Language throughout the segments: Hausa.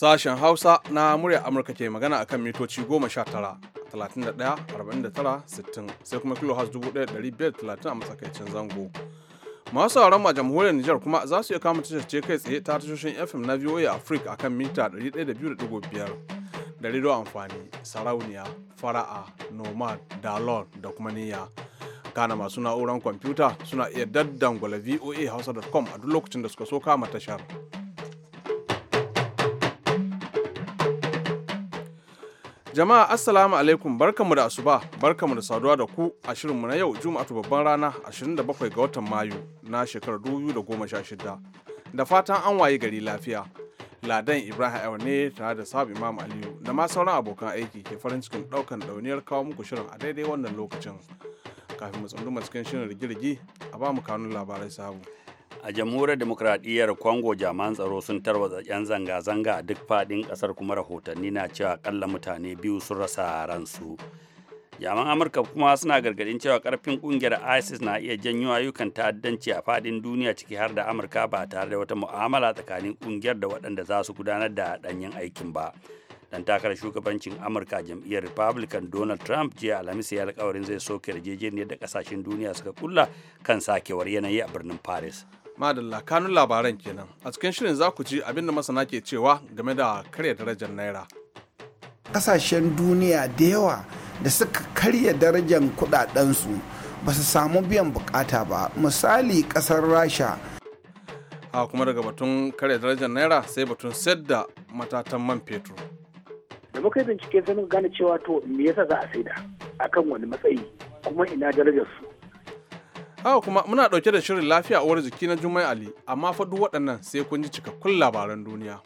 Sashen Hausa na murya Amurka ke magana akan mitoci 19, 31, 49, 60 sai kuma kilohaz 1530 a matsakaicin zango. Masu sauran ma jamhuriyar Nijar kuma za su iya kama tashar kai tsaye ta tashoshin FM na VOA Africa akan mita 102.5 da rido amfani, sarauniya, fara'a, nomad, dalon da kuma niyya. kana masu na'uran kwamfuta suna iya daddan daddangwala voa hausa.com a duk lokacin da suka so kama tashar. Jama'a Assalamu alaikum barkamu da asuba barkamu da saduwa da ku a shirinmu na yau Juma'atu babban rana 27 ga watan Mayu na shekarar 2016. Da fatan an waye gari lafiya. Ladan Ibrahim Ayo ne tare da sabu Imam Aliyu da ma sauran abokan aiki ke farin cikin daukan dauniyar kawo muku shirin a daidai wannan lokacin. Kafin mu tsundu cikin shirin rigirgi a ba mu kanun labarai sabu. a jamhuriyar demokradiyyar kwango jaman tsaro sun tarwatsa 'yan zanga-zanga a duk fadin kasar kuma rahotanni na cewa kalla mutane biyu sun rasa ransu jaman amurka kuma suna gargadin cewa karfin kungiyar isis na iya janyo ayyukan ta'addanci a fadin duniya ciki har da amurka ba tare da wata mu'amala tsakanin kungiyar da waɗanda za su gudanar da ɗanyen aikin ba dan takarar shugabancin amurka jam'iyyar republican donald trump jiya alhamis ya alkawarin zai soke yarjejeniyar da kasashen duniya suka kulla kan sakewar yanayi a birnin paris madalla kanun labaran kenan a cikin shirin za ku ji abinda masana ke cewa game da karya darajar naira kasashen duniya da yawa da suka karya darajar kudadensu ba su samu biyan bukata ba misali kasar rasha a kuma daga batun karya darajar naira sai batun sayar da matatan man fetur da muka yi bincike sai muka gane cewa to me yasa za a saida akan wani matsayi kuma ina darajar su Haka kuma muna ɗauke da shirin lafiya uwar jiki na Jummai Ali, amma fa duk waɗannan sai kun ji cikakkun labaran duniya.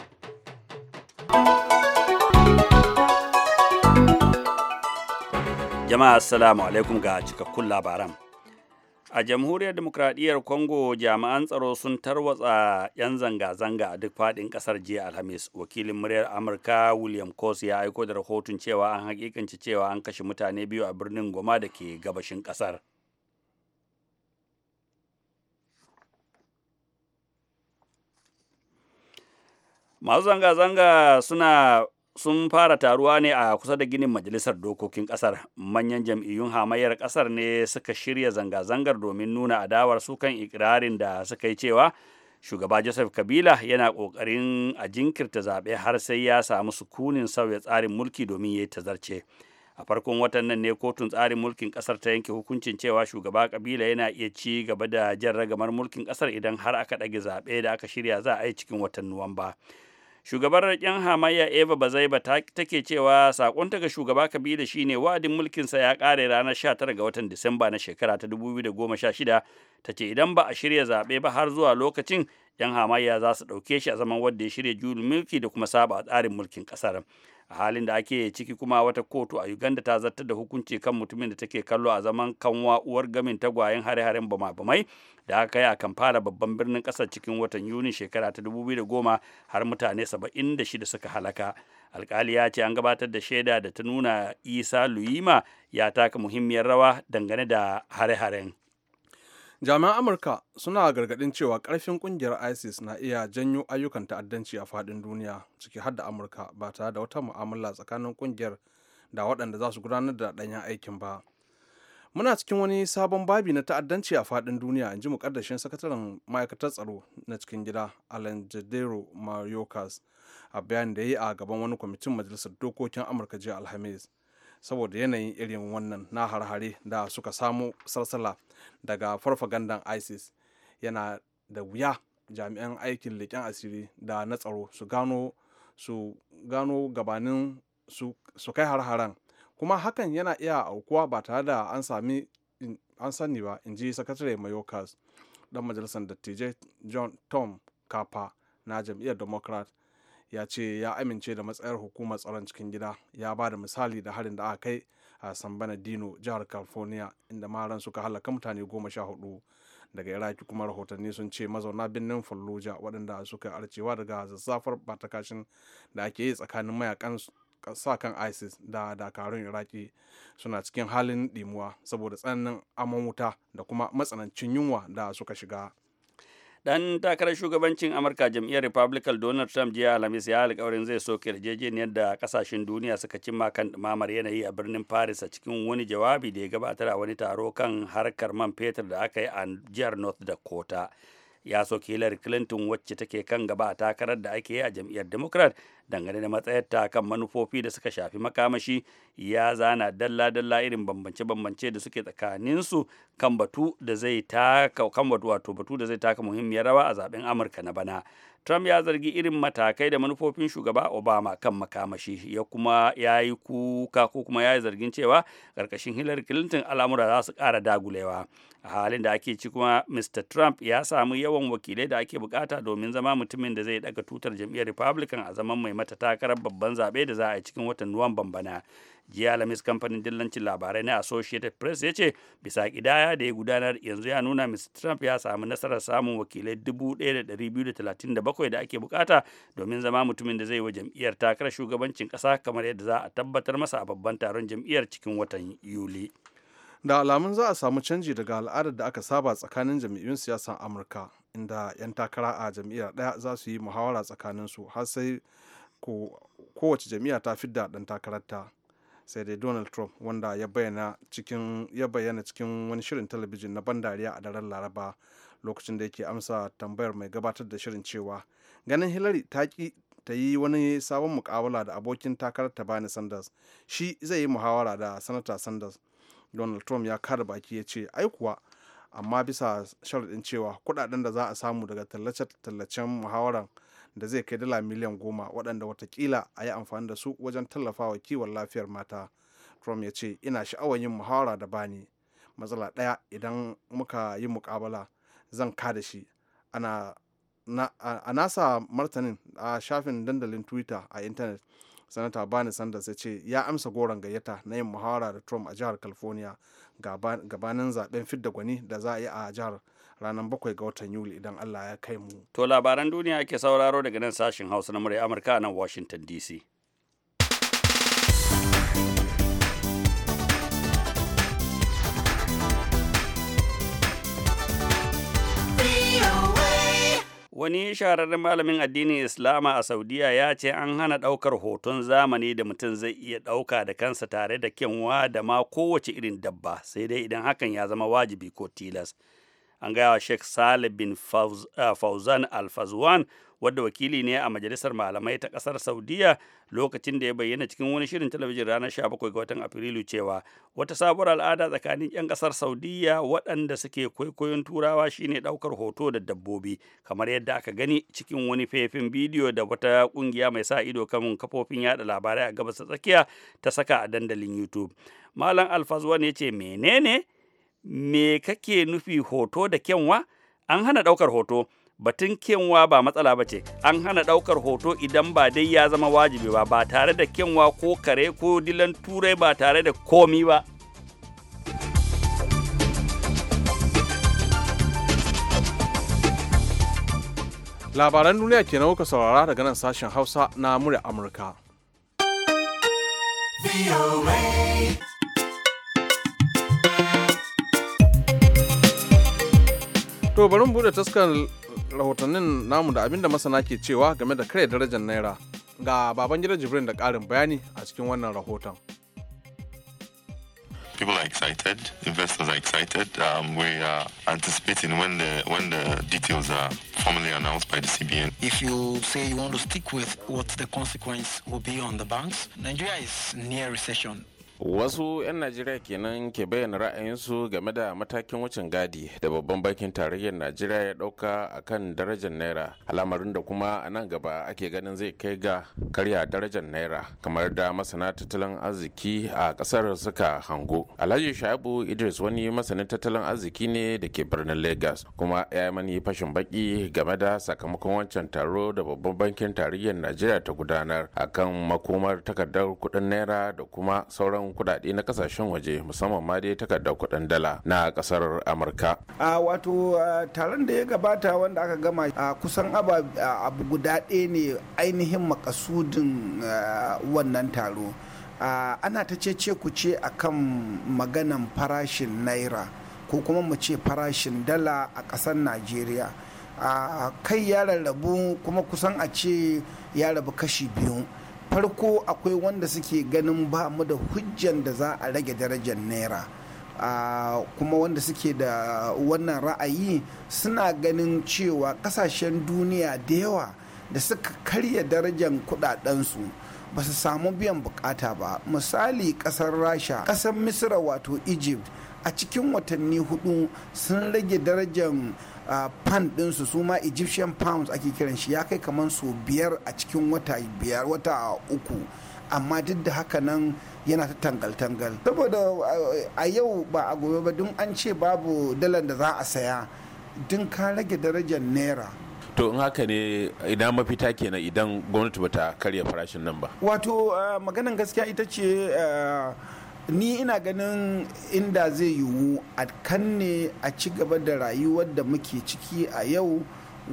Jama'a assalamu alaikum ga cikakkun labaran. A jamhuriyar demokradiyyar kongo jami'an tsaro sun tarwatsa 'yan zanga-zanga a duk faɗin ƙasar jiya Alhamis. Wakilin muryar Amurka William Kos ya aiko da rahoton cewa an hakikanci cewa an kashe mutane biyu a birnin Goma da ke gabashin ƙasar. masu zanga-zanga suna sun fara taruwa ne a kusa da ginin majalisar dokokin kasar manyan jam'iyyun hamayyar kasar ne suka shirya zanga-zangar domin nuna adawar su kan ikirarin da suka yi cewa shugaba joseph kabila yana kokarin a jinkirta zaɓe har sai ya samu sukunin sauya tsarin mulki domin ya yi tazarce a farkon watan nan ne kotun tsarin mulkin kasar ta yanke hukuncin cewa shugaba kabila yana iya ci gaba da jan ragamar mulkin kasar idan har aka ɗage zaɓe da aka shirya za a yi cikin watan nuwamba. shugabar yan hamayya eva bazaiba take cewa sakonta ga shugaba kabila shine wa'adin mulkin sa ya kare ranar 19 ga watan disamba na shekara ta 2016 ta ce idan ba a shirya zaɓe ba har zuwa lokacin yan hamayya za su ɗauke shi a zaman wanda ya shirya juyin mulki da kuma saba tsarin mulkin ƙasar a halin da ake ciki kuma wata kotu a uganda ta zartar da hukunci kan mutumin da take kallo a zaman kanwa uwar gamin tagwayen hare-haren bama-bamai da aka yi a fara babban birnin kasar cikin watan yuni shekara ta 2010 har mutane 76 suka halaka alkali ya ce an gabatar da shaida da ta nuna isa luyima ya taka muhimmiyar rawa dangane da hare-haren jami'an amurka suna gargadin cewa karfin kungiyar isis na iya janyo ayyukan ta'addanci a fadin duniya ciki har da amurka ba tare da wata mu'amala tsakanin kungiyar da waɗanda za su gudanar da ɗanyen aikin ba muna cikin wani sabon babi na ta'addanci a fadin duniya in ji mukaddashin sakataren ma'aikatar tsaro na cikin gida jadero Mayocas a bayan da ya yi a gaban wani kwamitin majalisar dokokin amurka jiya alhamis saboda yanayin irin wannan na harhare da suka samo sarsala daga farfagandan isis yana da wuya jami'an aikin leƙen asiri da na tsaro su gano su gano gabanin su kai har kuma hakan yana iya aukuwa ba tare da an sami an sani ba in ji sakatare mayokas dan majalisar dattijai john tom kapa na jam'iyyar democrat ya ce ya amince da matsayar hukumar tsaron cikin gida ya ba da misali da harin da aka kai a sambana dino jihar california inda maran suka halaka mutane goma sha hudu daga iraki kuma rahotanni sun ce mazauna birnin fallujah waɗanda suka arcewa daga zazzafar batakashin da ake yi tsakanin mayakan sa kan isis da dakarun iraki suna cikin halin ɗimuwa saboda tsananin amon wuta da kuma matsanancin yunwa da suka shiga dan takarar shugabancin amurka jam'iyyar republican donald trump jiya alhamis ya alkawarin zai soke yarjejeniyar da kasashen duniya suka cimma kan mamar yanayi a birnin paris a cikin wani jawabi da ya gabatar a wani taro kan harkar man fetur da aka yi a jihar north dakota ya soke Hillary Clinton wacce take kan gaba a takarar da ake yi a jam'iyyar Democrat dangane da matsayarta kan manufofi da suka shafi makamashi ya zana dalla-dalla irin bambance-bambance da suke tsakaninsu kan batu da zai taka kan batu da zai taka muhimmiyar rawa a zaben Amurka na bana. Trump ya zargi irin matakai da manufofin shugaba Obama kan makamashi ya kuma ya yi kuka ko kuma ya yi zargin cewa karkashin Hillary Clinton al'amura za su ƙara dagulewa. A halin da ake ci kuma Mr. Trump ya samu yawan wakilai da ake bukata domin zama mutumin da zai daga tutar jam'iyyar Republican a zaman mai mata takarar babban zaɓe da za a yi cikin watan Nuwamban bana. jiya alhamis kamfanin dillancin labarai na associated press ya ce bisa kidaya da ya gudanar yanzu ya nuna mr trump ya samu nasarar samun wakilai 1237 da ake bukata domin zama mutumin da zai wa jam'iyyar takarar shugabancin kasa kamar yadda za a tabbatar masa a babban taron jam'iyyar cikin watan yuli da alamun za a samu canji daga al'adar da aka saba tsakanin jam'iyyun siyasar amurka inda 'yan takara a jam'iyyar ɗaya za su yi muhawara tsakanin su har sai kowace jam'iyya ta fidda ɗan takararta sai dai donald trump wanda ya bayyana cikin wani shirin talabijin na ban dariya a daren laraba lokacin da yake amsa tambayar mai gabatar da shirin cewa ganin hillary ta ki ta yi wani sabon mukawala da abokin takarar ta bani sanders shi zai yi muhawara da sanata sanders donald trump ya kada baki ya ce ai kuwa amma bisa sharaɗin cewa kuɗaɗen da za a samu daga tallace-tallacen muhawarar da zai kai dala miliyan goma waɗanda watakila a yi amfani da su wajen tallafawa kiwon lafiyar mata trump ya ce ina sha'awar yin muhawara da bani matsala ɗaya idan muka yi mukabala zan kada shi ana na, a nasa martanin a shafin dandalin twitter a intanet sanata bani sanders ya ce ya amsa goron gayyata na yin muhawara da trump a jihar california gabanin zaben fidda gwani da za a yi a jihar ranar bakwai ga watan yuli idan allah ya kai mu to labaran duniya ake sauraro daga nan sashin hausa na murya amurka nan washington dc Wani shahararren malamin addinin Islama a Saudiya ya ce an hana ɗaukar hoton zamani da mutum zai iya ɗauka da kansa tare da kyanwa da ma kowace irin dabba sai dai idan hakan ya zama wajibi ko tilas. an gaya wa sheikh salih bin ah, fauzan alfazwan wadda wakili ne a majalisar malamai ta kasar saudiya lokacin da ya bayyana cikin wani shirin talabijin ranar 17 ga watan afrilu cewa wata sabuwar al'ada tsakanin 'yan kasar saudiya waɗanda suke kwaikwayon turawa shine ɗaukar hoto da dabbobi kamar yadda aka gani cikin wani faifin bidiyo da wata ƙungiya mai sa ido kan kafofin yada labarai a gabas tsakiya ta saka a dandalin youtube malam alfazwan ya ce menene Me kake nufi hoto da kyanwa? An hana ɗaukar hoto. Batun kyanwa ba matsala ba ce, an hana ɗaukar hoto idan ba dai ya zama wajibi ba, ba tare da kyanwa ko kare ko dilan turai ba tare da komi ba. labaran duniya kenan kuka saurara daga nan sashen hausa na murya amurka. to bari mu bude taskar rahotannin namu da abinda masana ke cewa game da kare darajar naira ga jibrin da karin bayani a cikin wannan rahoton people are excited, investors are excited. Um, we are anticipating when the when the details are formally announced by the CBN. If you say you want to stick with what the consequence will be on the banks, Nigeria is near recession. wasu 'yan najeriya kenan ke bayyana ra'ayinsu game da matakin wucin gadi da babban bankin tarayyar najeriya ya dauka a kan darajar naira al'amarin da kuma a nan gaba ake ganin zai kai ga karya darajar naira kamar da masana tattalin arziki a kasar suka hango alhaji shabu idris wani masanin tattalin arziki ne da ke birnin lagos kuma ya yi mani fashin baki game da sakamakon wancan taro da babban bankin tarayyar najeriya ta gudanar akan makomar takardar kuɗin naira da kuma sauran tsabarin kuɗaɗe na kasashen waje musamman ma dai takardar kuɗin dala na ƙasar amurka a wato taron da ya gabata wanda aka gama a kusan abu guda ɗaya ne ainihin makasudin wannan taro ana ta ce ku ce akan maganan farashin naira ko kuma mu ce farashin dala a ƙasar najeriya kai ya rarrabu kuma kusan a ce ya rabu kashi biyu farko akwai wanda suke ganin ba mu da hujjan da za a rage darajar naira ah, kuma wanda suke da wannan ra'ayi suna ganin cewa kasashen duniya da yawa da suka karya darajar kudadensu ba su samu biyan bukata ba misali kasar rasha kasar misira wato egypt a cikin watanni hudu sun rage darajar Pan dinsu su ma egyptian pounds ake kiran shi ya kai kamar so biyar a cikin wata biyar wata uku amma duk da haka nan yana ta tangal-tangal saboda a yau ba a gobe ba don an ce babu dalar da za a saya din ka rage darajar naira to in haka ne idan mafita kenan idan gwamnati bata karya farashin nan ba wato maganan gaskiya ita ce ni ina ganin inda zai yiwu a kan ne a ci gaba da rayuwar da muke ciki a yau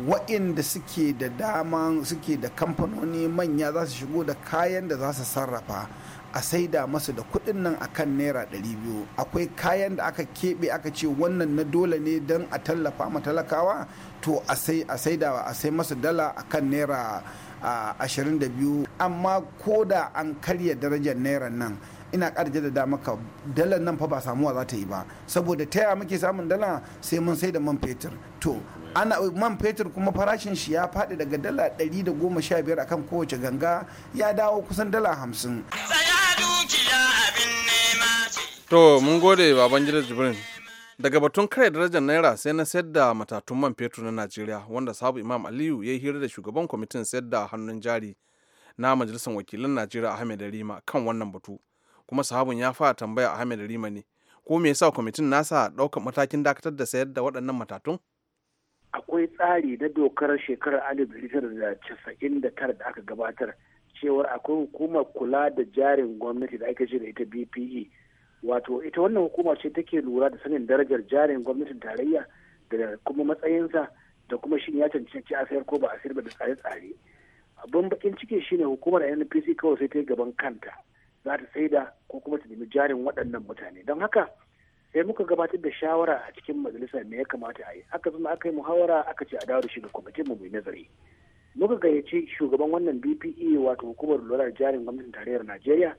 waɗanda suke da dama suke da kamfanoni manya za su shigo da kayan da za su sarrafa a saida masu da kuɗin nan akan naira 200 akwai kayan da aka keɓe aka ce wannan na dole ne don a tallafa ma talakawa to a saida a sai masu dala akan naira 22 amma ko da an karya darajar naira nan ina ƙara jaddada maka dalar nan fa ba samuwa za ta yi ba saboda ta yaya muke samun dala sai mun sai da man fetur to ana man fetur kuma farashin shi ya faɗi daga dala ɗari da goma sha 115 akan kowace ganga ya dawo kusan dala 50 to mun gode baban gidan jibrin daga batun kare darajar naira sai na sayar da matatun man fetur na najeriya wanda sabu imam aliyu ya yi hira da shugaban kwamitin sayar da hannun jari na majalisar wakilan najeriya ahmed rima kan wannan batu kuma sahabun ya fara tambaya ahmed rima ne ko me yasa kwamitin nasa ɗaukar matakin dakatar da sayar da waɗannan matatun akwai tsari na dokar shekarar alif da casa'in da tara da aka gabatar cewar akwai hukumar kula da jarin gwamnati da aka ce da ita bpe wato ita wannan hukuma ce take lura da sanin darajar jarin gwamnatin tarayya da kuma matsayinsa da kuma shin ya cancanci a sayar ko ba a sayar ba da tsare-tsare abin bakin ciki shine hukumar npc kawai sai ta yi gaban kanta za ta da ko kuma ta nemi jarin waɗannan mutane don haka sai muka gabatar da shawara a cikin majalisa me ya kamata a yi aka zama aka yi muhawara aka ce a dawo da shi ga kwamitin mu mai nazari muka gayyaci shugaban wannan bpe wato hukumar lura da jarin gwamnatin tarayyar najeriya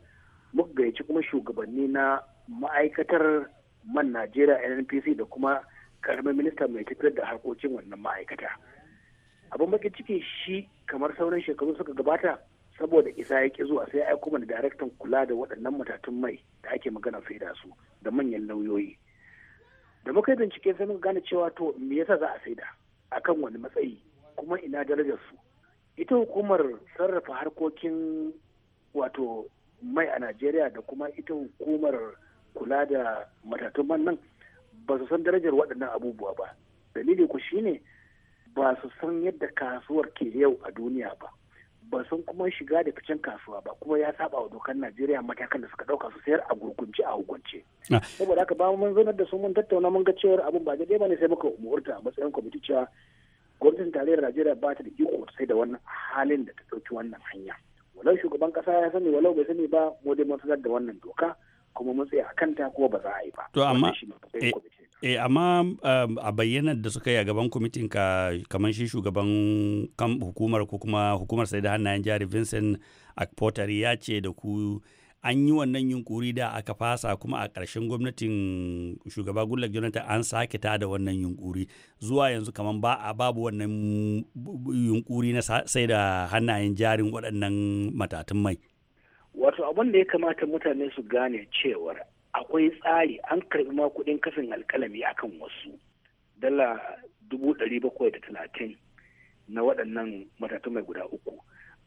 muka gayyaci kuma shugabanni na ma'aikatar man najeriya nnpc da kuma karamin minista mai tafiyar da harkokin wannan ma'aikata abin bakin ciki shi kamar sauran shekaru suka gabata saboda isa ya ki zuwa sai ya aiko mana daraktan kula da waɗannan matatun mai da ake magana sai da su da manyan lauyoyi da muka yi bincike sai muka gane cewa to me yasa za a sai saida akan wani matsayi kuma ina darajar su ita hukumar sarrafa harkokin wato mai a najeriya da kuma ita hukumar kula da matatun man nan ba su san darajar waɗannan abubuwa ba dalili ku shine ba su san yadda kasuwar ke yau a duniya ba ba sun kuma shiga da ficin kasuwa ba kuma ya saba wa dokar najeriya matakan da suka dauka su sayar a gurgunce a hukunce ah. saboda haka ba mun zanar da su mun tattauna mun ga cewar abin ba daidai ba ne sai muka umurta a matsayin kwamiti cewa gwamnatin tarayyar najeriya ba ta da iko sai da wannan halin da ta dauki wannan hanya walau shugaban kasa ya sani walau bai sani ba mu dai mun da wannan doka kuma mun a kan ta kuwa ba za a yi ba to amma eh, eh amma um, a bayyanar da suka yi a gaban kwamitin ka kamar shi shugaban hukumar ko kuma hukumar sai da hannayen jari Vincent Akpotari ya ce da ku an yi wannan yunkuri da aka fasa kuma a ƙarshen gwamnatin shugaba Goodluck Jonathan an sake ta da wannan yunkuri zuwa yanzu kamar ba a babu wannan yunkuri na sai da hannayen jarin waɗannan matatun mai. wato abin da ya kamata mutane su gane cewar akwai tsari an karbi ma kudin kasan alkalami akan wasu dala dubu ɗari bakwai da talatin na waɗannan matakan mai guda uku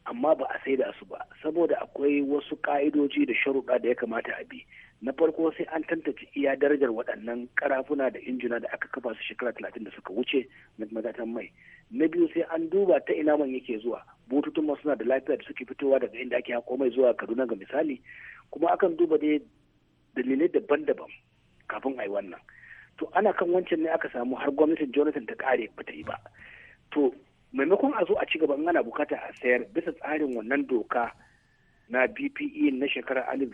amma ba a sai da su ba saboda akwai wasu ka'idoji da sharuɗa da ya kamata a bi na farko sai an tantance iya darajar waɗannan karafuna da injina da aka kafa su shekara talatin da suka wuce na matatan mai na biyu sai an duba ta ina man yake zuwa bututun masu suna da lafiya da suke fitowa daga inda ake hako mai zuwa kaduna ga misali kuma akan duba dai dalilai daban-daban kafin a yi wannan to ana kan wancan ne aka samu har gwamnatin jonathan ta kare bata yi ba to maimakon a zo a ci gaba ana bukata a sayar bisa tsarin wannan doka na bpe na shekarar alif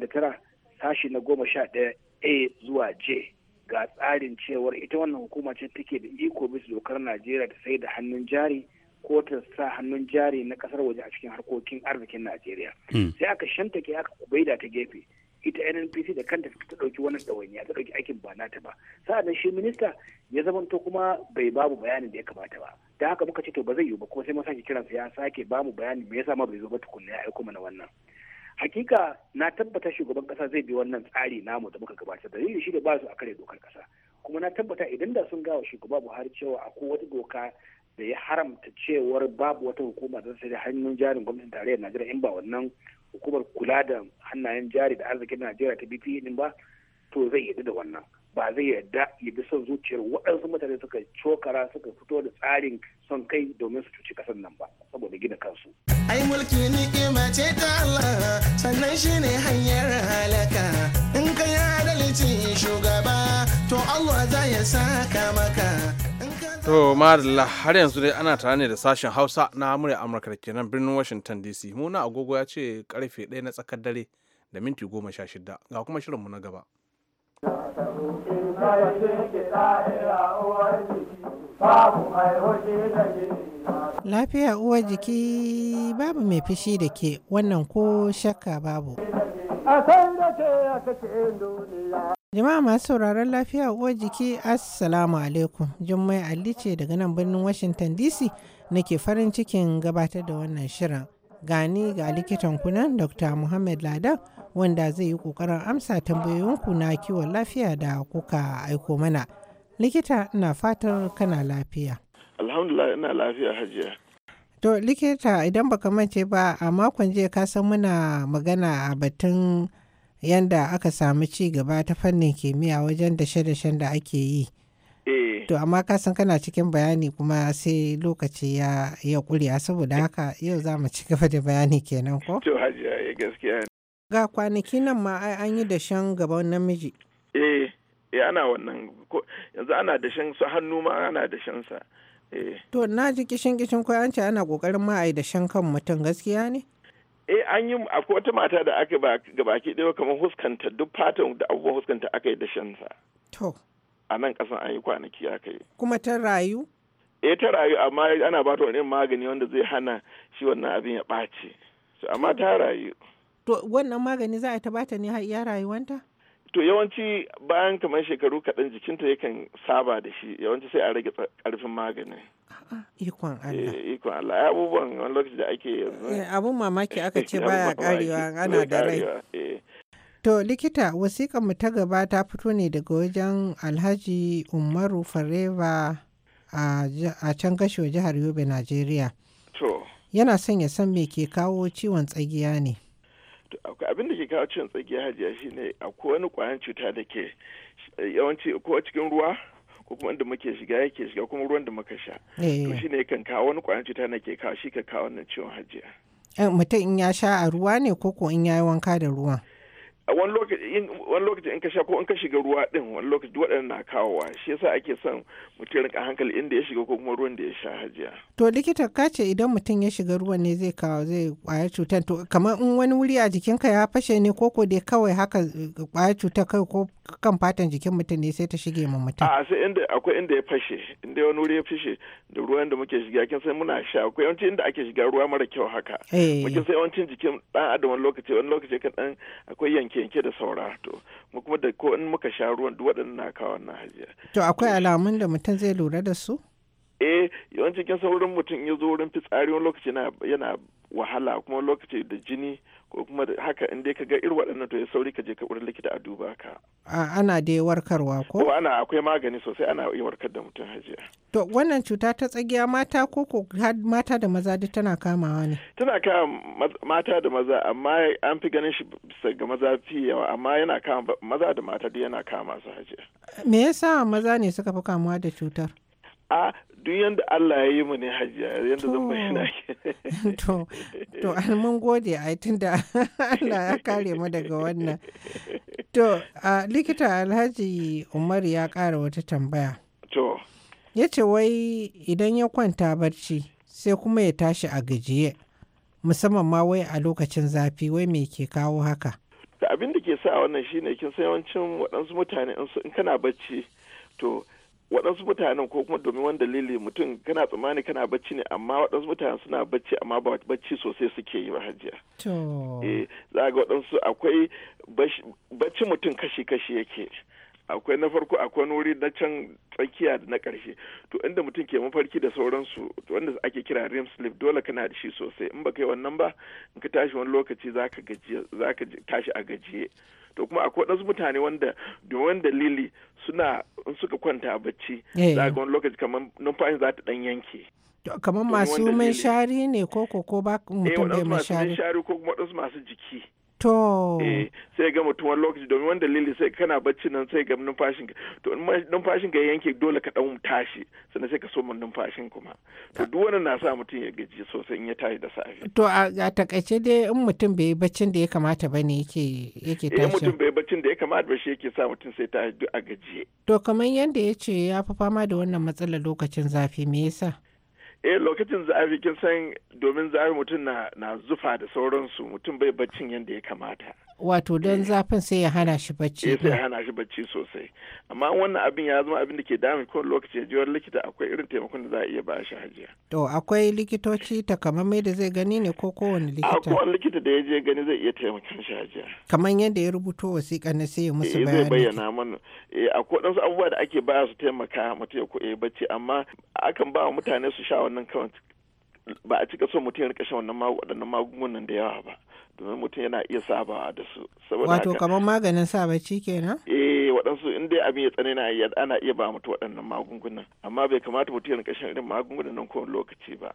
da tara sashi na goma sha daya a zuwa j ga tsarin cewar ita wannan hukuma ce take da iko bisa dokar najeriya da sai da hannun jari ko sa hannun jari na kasar waje a cikin harkokin arzikin Najeriya. Hmm. Sai aka shantake aka kubaida ta gefe. Ita NNPC da kanta ta dauki wannan ɗawainiya ta dauki aikin ba nata ba. Sa'an shi minista ya zamanto kuma bai babu bayanin da ya kamata ba. Da haka muka ce to ba zai yiwu ba kuma sai mun sake sa ya sake bamu bayani me yasa ma bai zo ba tukunna ya aiko mana wannan. hakika na tabbata shugaban kasa zai bi wannan tsari namu da muka gabatar dalili shi da ba su a kare dokar kasa kuma na tabbata idan da sun gawa shugaba buhari cewa akwai wata doka da ya haramta cewar babu wata hukuma da sai da hannun jarin gwamnatin tarayyar najeriya in ba wannan hukumar kula da hannayen jari da arzikin najeriya ta bi e din ba to zai yadda da wannan ba zai yarda ya bi son zuciyar waɗansu mutane suka cokara suka fito da tsarin son kai domin su cuci ƙasar nan ba saboda gina kansu. ai mulki ni ce ta Allah sannan shi ne hanyar halaka in ka yi adalci shugaba to Allah za ya saka maka. To madalla har yanzu dai ana tare ne da sashen Hausa na murya Amurka da ke birnin Washington DC. Muna agogo ya ce karfe ɗaya na tsakar dare da minti goma sha shida ga kuma shirinmu na gaba. Lafiya uwar jiki babu mai fushi da ke wannan ko shakka babu. Jama'a masu sauraron lafiya uwar jiki Assalamu alaikum. Jummai Ali ce daga nan birnin Washington DC nake farin cikin gabatar da wannan shirin. Gani ga likitan kunan Dr. Muhammad Ladan wanda zai yi kokarin amsa tambayoyinku na kiwon lafiya da kuka aiko mana. Likita ina fatar kana lafiya. Alhamdulillah ina lafiya hajiya. To likita idan baka mace ba a makon jiya ka san muna magana a batun yanda aka samu ci gaba ta fannin kimiyya wajen da dashen da ake yi. Eh. To amma ka san kana cikin bayani kuma sai lokaci ya ya ƙuri'a saboda eh. haka yau za mu ci gaba da bayani kenan ko? To hajiya ya eh, gaskiya. Ga kwanaki nan ma an yi dashen gaban namiji. Eh, eh ana wannan yanzu ana dashen su hannu ma ana dashen sa. To na ji kishin kishin ko an ce ana kokarin ma a yi dashen kan mutum gaskiya ne? eh an yi akwai wata mata da aka ba gabaki ɗaya kamar huskanta duk fatan da abubuwan huskanta aka yi da shansa. To. A nan ƙasan an yi kwanaki aka yi. Kuma ta rayu? Eh ta rayu amma ana ba ta wani magani wanda zai hana shi wannan abin ya ɓace. amma ta rayu. To wannan magani za a ta bata ne har iya rayuwanta? to yawanci bayan kamar shekaru kaɗan jikinta yakan saba da shi yawanci sai a rage ƙarfin maganin ikon Allah eh, ikon abubuwan wani lokaci da ake yanzu eh, abun mamaki aka ce baya karewa ana da rai eh. to likita wasiƙan mu ta gaba ta fito ne daga wajen Alhaji Umaru Fareva a can gasho jihar Yobe Najeriya yana son ya san me ke kawo ciwon tsagiya ne abin da ke kawo ciwon tsakiyar hajiya shine akwai wani kwayan cuta da ke eh, yawanci ko cikin ruwa ko kuma inda muke shiga yake shiga kuma ruwan da muka sha eh. to shine kan kawo wani kwayan cuta na ke kawo shi ka kawo wannan ciwon hajiya eh, mutum in ya sha a ruwa ne ko ko in ya yi wanka da ruwa. wani lokaci in ka sha ko in ka shiga ruwa din wani lokaci waɗannan na kawowa shi yasa ake son mutum rinka hankali inda ya shiga ko kuma ruwan da ya sha hajiya. To likita ka ce idan mutum ya shiga ruwan ne zai kawo zai kwaya cutar to kamar in wani wuri a jikinka ya fashe ne ko ko dai kawai haka eh, kwaya cutar kai ko kan fatan jikin mutum ne sai ta shige ma mutum. A sai inda akwai inda ya fashe inda wani wuri ya fashe da ruwan da muke shiga kin sai muna sha akwai yawanci inda ake shiga ruwa mara kyau haka. Eh. Mukin sai yawancin jikin dan adam wani lokaci wani lokaci kan dan akwai yanke yanke da saura to mu kuma da ko in muka sha ruwan duk waɗannan na kawo na hajiya. To akwai alamun da mutum mutum zai lura da su? eh yawanci kin san mutum ya zo wurin fitsari wani lokaci yana wahala kuma lokaci da jini ko kuma haka in dai ka ga irin waɗannan to ya sauri ka je ka wurin likita a duba ka. ana da warkarwa ko? ana akwai magani sosai ana iya warkar da mutum hajiya. To wannan cuta ta tsagiya mata ko ko mata da maza duk tana kamawa ne? Tana kama mata da maza amma an fi ganin shi bisa ga maza fi yawa amma yana kama maza da mata duk yana kama su hajiya. Me yasa maza ne suka fi kamuwa da cutar? a duk yadda Allah ya yi mu ne hajiya yadda zan bayyana ke. To, to mun gode a tunda Allah ya kare mu daga wannan. To, likita Alhaji Umar ya ƙara wata tambaya. To. Ya ce wai idan ya kwanta barci sai kuma ya tashi a gajiye, musamman ma wai a lokacin zafi wai me ke kawo haka. Da abin da ke sa wannan shine kin san yawancin waɗansu mutane in kana barci to waɗansu mutanen ko kuma domin wani dalili mutum kana tsammani kana bacci ne amma waɗansu mutanen suna bacci amma ba bacci sosai suke yi ba hajiya. Eh, za ga waɗansu akwai bacci mutum kashi-kashi yake. akwai na farko akwai wuri na can tsakiya da na ƙarshe to inda mutum ke mafarki da sauransu to wanda ake kira rim sleep dole kana da shi sosai in baka yi wannan ba in ka tashi wani lokaci za ka tashi a gajiye to kuma akwai ɗansu mutane wanda domin dalili suna suka kwanta a bacci eh. za ga wani lokaci kamar numfashi za ta dan yanke kamar masu mai shari ne ko ko ba mutum eh, bai mai shari ko kuma masu jiki To. Eh, sai ga mutum wani lokaci domin wani dalili sai kana bacci nan sai ga numfashin ka. To numfashin ka yanke dole ka dan tashi sannan sai ka so numfashin kuma. To duk wannan na sa mutum ya gaji sosai in ya tashi da safe. To a takaice dai in mutum bai baccin da ya kamata ba ne yake yake tashi. Eh mutum bai baccin da ya kamata ba shi yake sa mutum sai tashi duk a gaji. To kamar yadda ya ce ya fi fama da wannan matsalar lokacin zafi me yasa? eh lokacin zafi kin san domin zafi mutum na zufa da sauransu mutum bai baccin yadda ya kamata wato don zafin sai ya hana shi bacci eh sai hana shi bacci sosai amma wannan abin ya zama abin da ke damun ko lokaci jiwar likita akwai irin taimakon da za a iya ba shi hajiya to akwai likitoci takamaimai da zai gani ne ko kowane likita a kowane likita da ya je gani zai iya taimakon shi hajiya kamar yadda ya rubuto wasiƙa na sai ya musu eh, bayani zai bayyana mana eh akwai wadansu abubuwa da ake ba su taimaka mutum ya ko bacci amma akan ba mutane su sha wannan kawai ba a cika so mutum ya rika shan waɗannan magungunan da yawa ba domin mutum yana iya sabawa da su wato kamar maganin sa bacci kenan eh waɗansu in dai abin ya tsanani ana iya ba mutum waɗannan magungunan amma bai kamata mutum ya rika shan irin magungunan nan kowane lokaci ba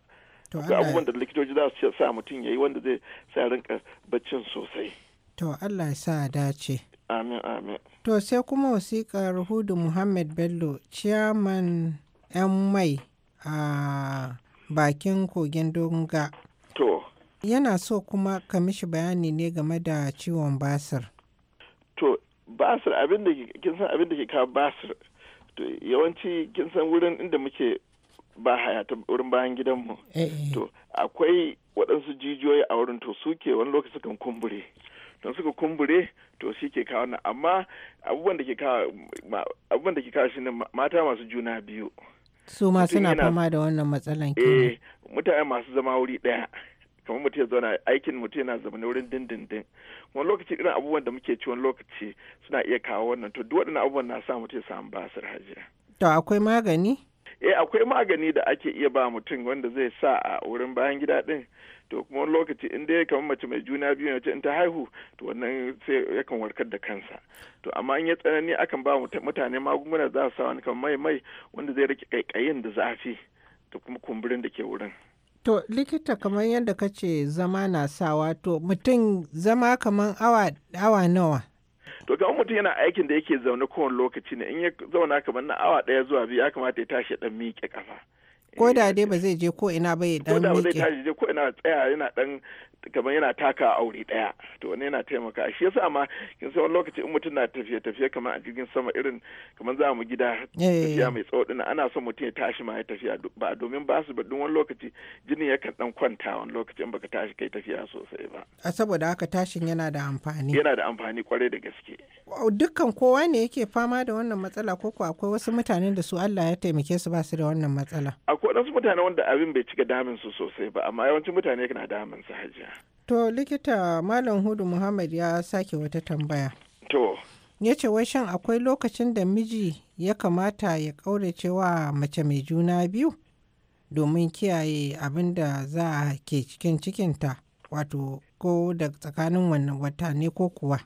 ga abubuwan da likitoci za su sa mutum ya yi wanda zai sa rinka baccin sosai to Allah ya sa dace amin amin to sai kuma wasiƙar hudu muhammad bello ciyaman yan mai a bakin kogin Donga. To. Yana so kuma ka mishi bayani ne game da ciwon basir. To, basir abin da san abin da ke kawo basir. To, yawanci kin san wurin inda muke ba haya ta wurin bayan gidanmu. Eh, eh. To, akwai waɗansu jijiyoyi a wurin to suke wani lokaci kan kumbure. don suka kumbure to shi ke kawo nan amma abubuwan da ke kawo shi ne mata masu juna biyu su ma suna fama da wannan matsalan eh, ke mutane masu zama wuri daya kamar mutum ya zauna aikin mutum yana zama wurin dindindin wani lokaci irin abubuwan da muke ci wani lokaci suna iya kawo wannan to duk waɗannan abubuwan na sa mutum ya samu basir hajiya to akwai magani eh akwai magani da ake iya ba mutum wanda zai sa a wurin bayan gida din to kuma wani lokaci in dai kamar mace mai juna biyu ne in ta haihu to wannan sai yakan warkar da kansa to amma in ya tsanani akan ba mutane magunguna za su sa wani kamar mai mai wanda zai rike kaikayin da zafi da kuma kumburin da ke wurin To likita kamar yadda ka ce zama na sawa to mutum zama kamar awa, awa nawa? to ga mutum yana aikin da yake zaune kowane lokaci ne in ya zauna kamar na awa daya zuwa biyu ya kamata ya tashi dan miƙe kafa ko da eh, dai ba zai je ko ina ba ya dan miƙe ko da ba zai tashi je ko ina tsaya yana dan kamar yana taka aure daya to wani yana taimaka shi yasa ma kin san wani lokaci in mutum na tafiye tafiye kamar a jirgin sama irin kamar za mu gida eh. tafiya mai tsawo din ana son mutum ya tashi ma ya tafiya ba domin ba su duk wani lokaci jinin kan dan kwanta wani lokaci in baka tashi kai tafiya sosai ba a saboda haka tashin yana da amfani yana da amfani kwarai da gaske dukkan kowa ne yake fama da wannan matsala ko kuwa akwai wasu mutanen da su Allah ya taimake su ba su da wannan matsala akwai wasu mutane wanda abin bai cika damin su sosai ba amma yawancin mutane na damin su hajiya To likita Malam Hudu Muhammad ya sake wata tambaya. To. Ya ce wai shan akwai lokacin da miji ya kamata ya ƙaurace wa mace mai juna biyu domin kiyaye abin da za a ke cikin cikinta wato ko da tsakanin wannan watanni ko kuwa.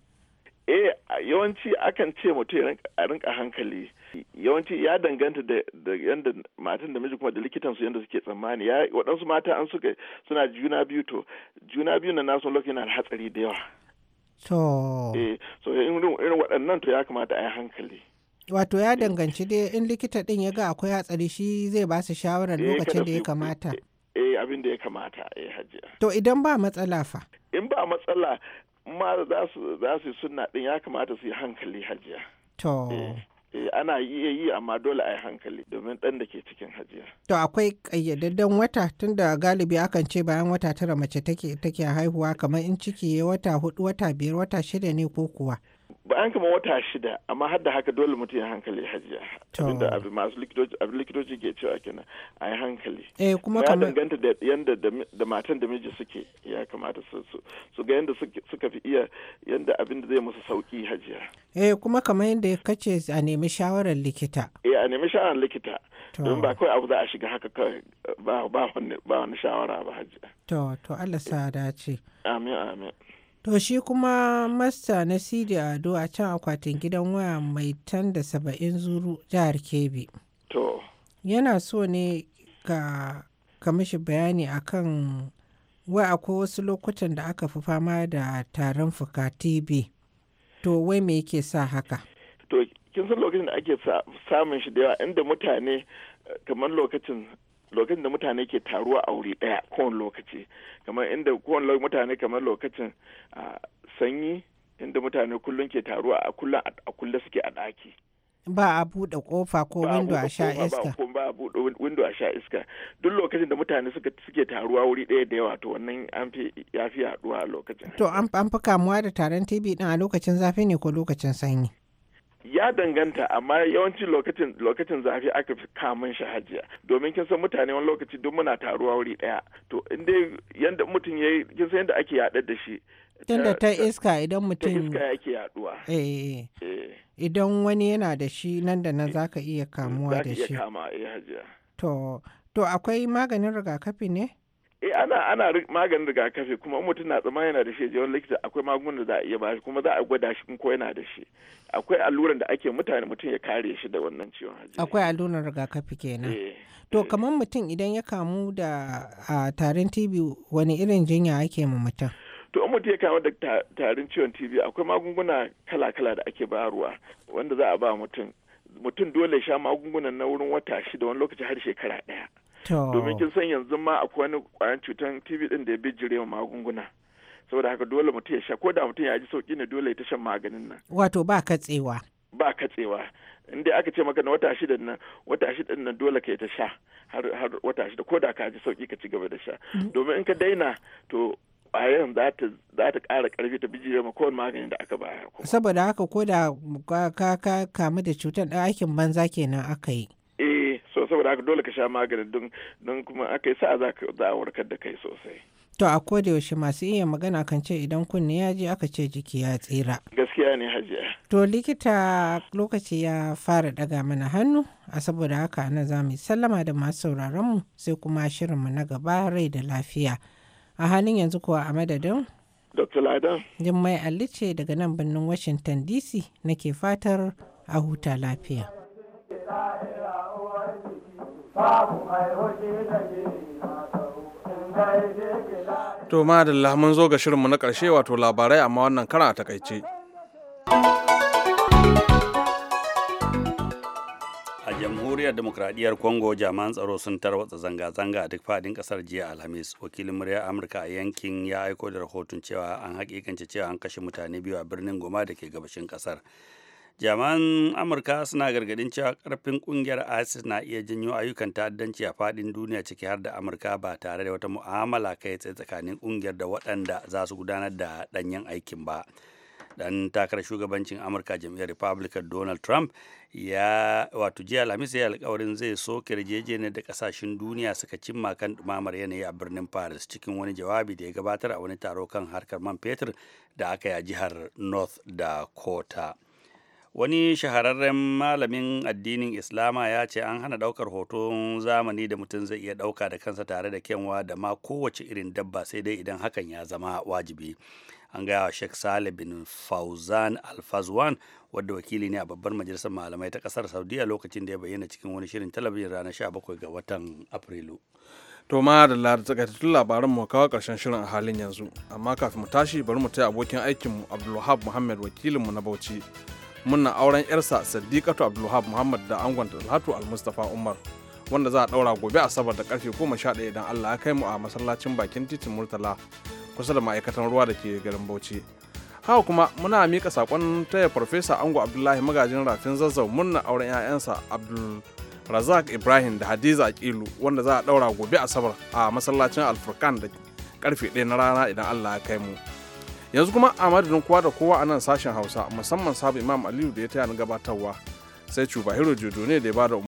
Eh yawanci akan ce mutum a rinka hankali yawanci ya danganta da yadda matan da miji kuma da likitan su yadda suke tsammani ya waɗansu mata an suka suna juna biyu to juna biyu na nasu lokacin na hatsari da yawa to eh, so irin waɗannan to ya kamata a yi hankali wato ya eh. danganci dai in likita din ya ga akwai hatsari shi zai ba su shawarar eh, lokacin da ya kamata eh abin da ya kamata eh hajiya to idan ba matsala fa in ba matsala ma za su suna din ya kamata su yi hankali hajiya to eh. Eh, ana iya yi amma dole a yi hankali domin ɗan da ke cikin hajiya. To akwai ƙayyadaddan wata tunda galibi akan ce bayan wata tara mace take take haihuwa kamar in ciki ya wata hudu wata biyar wata shida ne ko kuwa. Ba an kama wata shida amma har da haka dole mutum ya hankali hajiya abinda abin masu likitoci ke cewa kenan a yi hankali eh kuma ya danganta da yanda da matan da miji suke ya kamata su su ga yanda suka fi iya yanda abin da zai musu sauki hajiya eh kuma kamar yadda kace a nemi shawarar likita eh a nemi shawarar likita don ba kawai abu za a shiga haka ba ba wani shawara ba hajiya to to Allah sa dace amin amin To shi kuma Masta sidi Ado a can akwatin gidan waya mai tan da saba'in zuru jihar Kebbi. To. Yana so ne ka ka mishi bayani akan wai akwai wasu lokutan da aka fi fama da tarin fuka TB. To wai me yake sa haka? To kin san lokacin da ake samun shi da yawa inda mutane eh, kamar lokacin lokacin da mutane ke taruwa a wuri daya kowane lokaci kamar inda kowane mutane kamar lokacin sanyi inda mutane kullum ke taruwa a kullum a kullum suke a daki ba a buɗe kofa ko windo a sha iska ba a buɗe windo a sha iska duk lokacin da mutane suka suke taruwa wuri daya da yawa to wannan an fi ya fi a lokacin to an fi kamuwa da taron TB din a lokacin zafi ne ko lokacin sanyi ya danganta amma yawanci lokacin lokacin zafi aka fi kamun shi hajiya domin kin san mutane wani lokaci duk muna taruwa wuri daya to in dai yanda mutum ya yi, kin san yanda ake yaɗar da shi tunda ta iska idan mutum ta iska yake yaɗuwa. Eh, eh, eh. eh idan wani yana da shi nan da nan zaka iya mm, kamuwa da shi zaka iya kama eh hajiya to to akwai maganin rigakafi ne eh ana ana maganin rigakafi kuma mutum na tsama yana da shi je wani likita akwai magungunan da za a iya bashi kuma za a gwada shi ko yana da shi akwai alluran da ake mutane mutum ya kare shi da wannan ciwon hajji akwai alluran rigakafi kenan eh, to eh. kamar mutum idan ya kamu da tarin TB wani irin jinya ake ma mutum to in mutum ya kamu da tarin ciwon TB akwai magunguna kala-kala da ake bayarwa wanda za a ba mutum mutum dole sha magungunan na wurin wata shida wani lokaci har shekara ɗaya domin kin san yanzu ma akwai wani kwayan cutan tv din da ya bijire magunguna saboda haka dole mutum ya sha ko da mutum ya ji sauki ne dole ya ta shan maganin nan wato ba katsewa ba katsewa inda aka ce maka na wata shida nan wata shida nan dole ka ta sha har har wata shida ko da ka ji sauki ka ci gaba da sha mm. domin in ka daina to ƙwayar za ta za ta ƙara ƙarfi ta bijire ma kowane maganin da aka baya saboda haka ko da ka kamu da cutar aikin banza kenan aka yi saboda haka dole ka sha magani don don kuma aka sa za a warkar da kai sosai to a koda yaushe masu iya magana kan ce idan kunne ya je aka ce jiki ya tsira gaskiya ne hajiya to likita lokaci ya fara daga mana hannu a saboda haka nan za mu sallama da masu sauraron mu sai kuma shirin mu na gaba rai da lafiya a halin yanzu kuwa a madadin Dr. Ladan. Jummai daga nan birnin Washington DC nake fatar a huta lafiya. To ma da mun zo ga shirinmu na karshe wato labarai amma wannan kara a takaice. A jamhuriyar demokradiyyar Congo jami'an tsaro sun tarwatsa zanga-zanga a duk fadin kasar jiya Alhamis. Wakilin muryar Amurka a yankin ya aiko da rahoton cewa an hakikance cewa an kashe mutane biyu a birnin Goma da ke gabashin kasar. jaman amurka suna gargadin cewa karfin kungiyar isis na iya janyo ayyukan ta'addanci a fadin duniya ciki har da amurka ba tare da wata mu'amala kai tsaye tsakanin kungiyar da waɗanda za su gudanar da ɗanyen aikin ba dan takarar shugabancin amurka jam'iyyar republican donald trump ya wato jiya alhamis ya alkawarin zai soke yarjejeniyar da kasashen duniya suka cimma kan dumamar yanayi a birnin paris cikin wani jawabi da ya gabatar a wani taro kan harkar man fetur da aka yi a jihar north dakota wani shahararren malamin addinin islama ya ce an hana daukar hoton zamani da mutum zai iya dauka da kansa tare da kyanwa da ma kowace irin dabba sai dai idan hakan ya zama wajibi an gaya wa sheikh salih bin fauzan alfazwan wadda wakili ne a babbar majalisar malamai ta kasar saudiya lokacin da ya bayyana cikin wani shirin talabijin ranar 17 ga watan afrilu to ma da takaitattun labaran mu kawo karshen shirin a halin yanzu amma kafin mu tashi bari mu taya abokin aikinmu abdulwahab muhammad wakilinmu na bauchi muna auren yarsa sadiqatu abdulwahab muhammad da angon al almustapha umar wanda za a daura gobe asabar da karfe sha goma ɗaya idan allah ya kai mu a masallacin bakin titin murtala kusa da ma'aikatan ruwa da ke garin bauchi haka kuma muna mika sakon taya farfesa ango abdullahi magajin rafin zazzau murna auren 'ya'yansa abdul razak ibrahim da hadiza akilu wanda za a daura gobe asabar a masallacin alfurkan da karfe ɗaya na rana idan allah ya kai mu yanzu kuma a madadin kowa da kowa a nan sashen hausa musamman sabu imam aliyu da ya taya na gabatarwa sai cuba hero jojo ne da ya bada